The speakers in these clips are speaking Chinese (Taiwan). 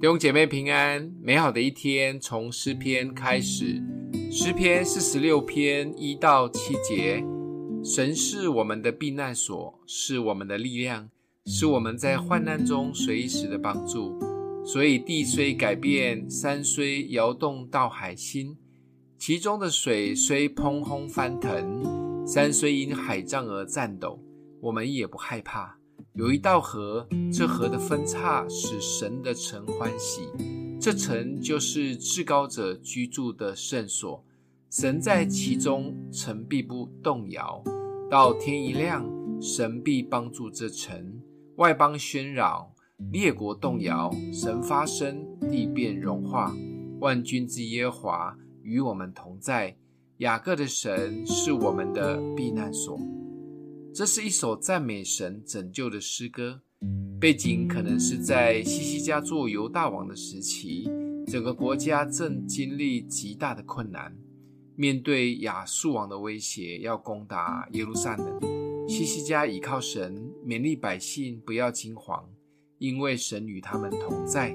弟兄姐妹平安，美好的一天從詩篇開始。詩篇四十六篇一到七節：神是我們的避難所，是我們的力量，是我們在患難中隨時的幫助。所以地雖改變，山雖搖動到海心，其中的水雖匉訇翻騰，山雖因海漲而顫抖，我們也不害怕。有一道河，這河的分汊使神的城歡喜。這城就是至高者居住的聖所，神在其中，城必不動搖。到天一亮，神必幫助這城。外邦喧嚷，列國動搖，神發聲，地便融化。萬軍之耶和華與我們同在。雅各的神是我們的避難所。這是一首讚美神拯救的詩歌，背景可能是在希西家做猶大王的時期，整個國家正經歷極大的困難，面對亞述王的威脅，要攻打耶路撒冷，希西家倚靠神，勉勵百姓不要驚慌，因為神與他們同在。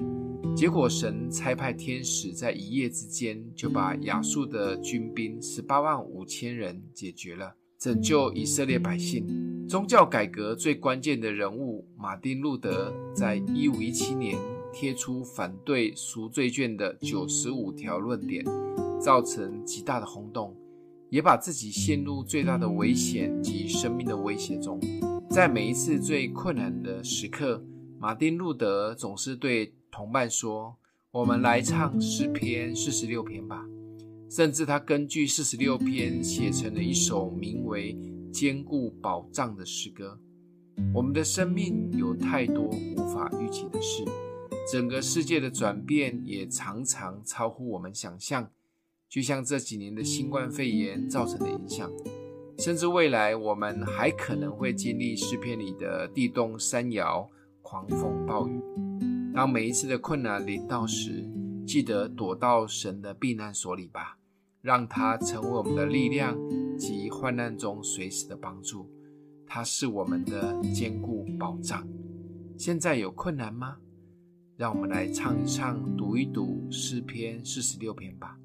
結果神差派天使在一夜之間就把亞述的軍兵十八萬五千人解決了。拯救以色列百姓，宗教改革最關鍵的人物馬丁路德，在一五一七年貼出反對贖罪券的九十五條論點，造成極大的轟動，也把自己陷入最大的危險及生命的威脅中。在每一次最困難的時刻，馬丁路德總是對同伴說：“我們來唱詩篇四十六篇吧。”甚至他根據四十六篇寫成了一首名為《堅固保障》的詩歌。我們的生命有太多無法預期的事，整個世界的轉變也常常超乎我們想象。就像這幾年的新冠肺炎造成的影響，甚至未來我們還可能會經歷詩篇裡的地動山搖、狂風暴雨。當每一次的困難臨到時，記得躲到神的避難所裡吧。讓它成為我們的力量及患難中隨時的幫助，它是我們的堅固保障。現在有困難嗎？讓我們來唱一唱、讀一讀詩篇四十六篇吧。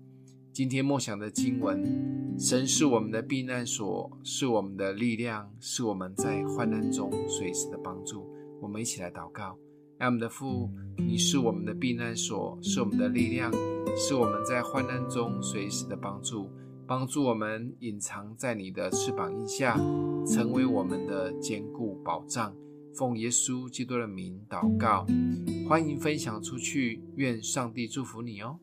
今天默想的經文：神是我們的避難所，是我們的力量，是我們在患難中隨時的幫助。我們一起來禱告。愛我們的父，你是我們的避難所，是我們的力量，是我們在患難中隨時的幫助。幫助我們隱藏在你的翅膀蔭下，成為我們的堅固保障。奉耶穌基督的名禱告，歡迎分享出去，願上帝祝福你哦。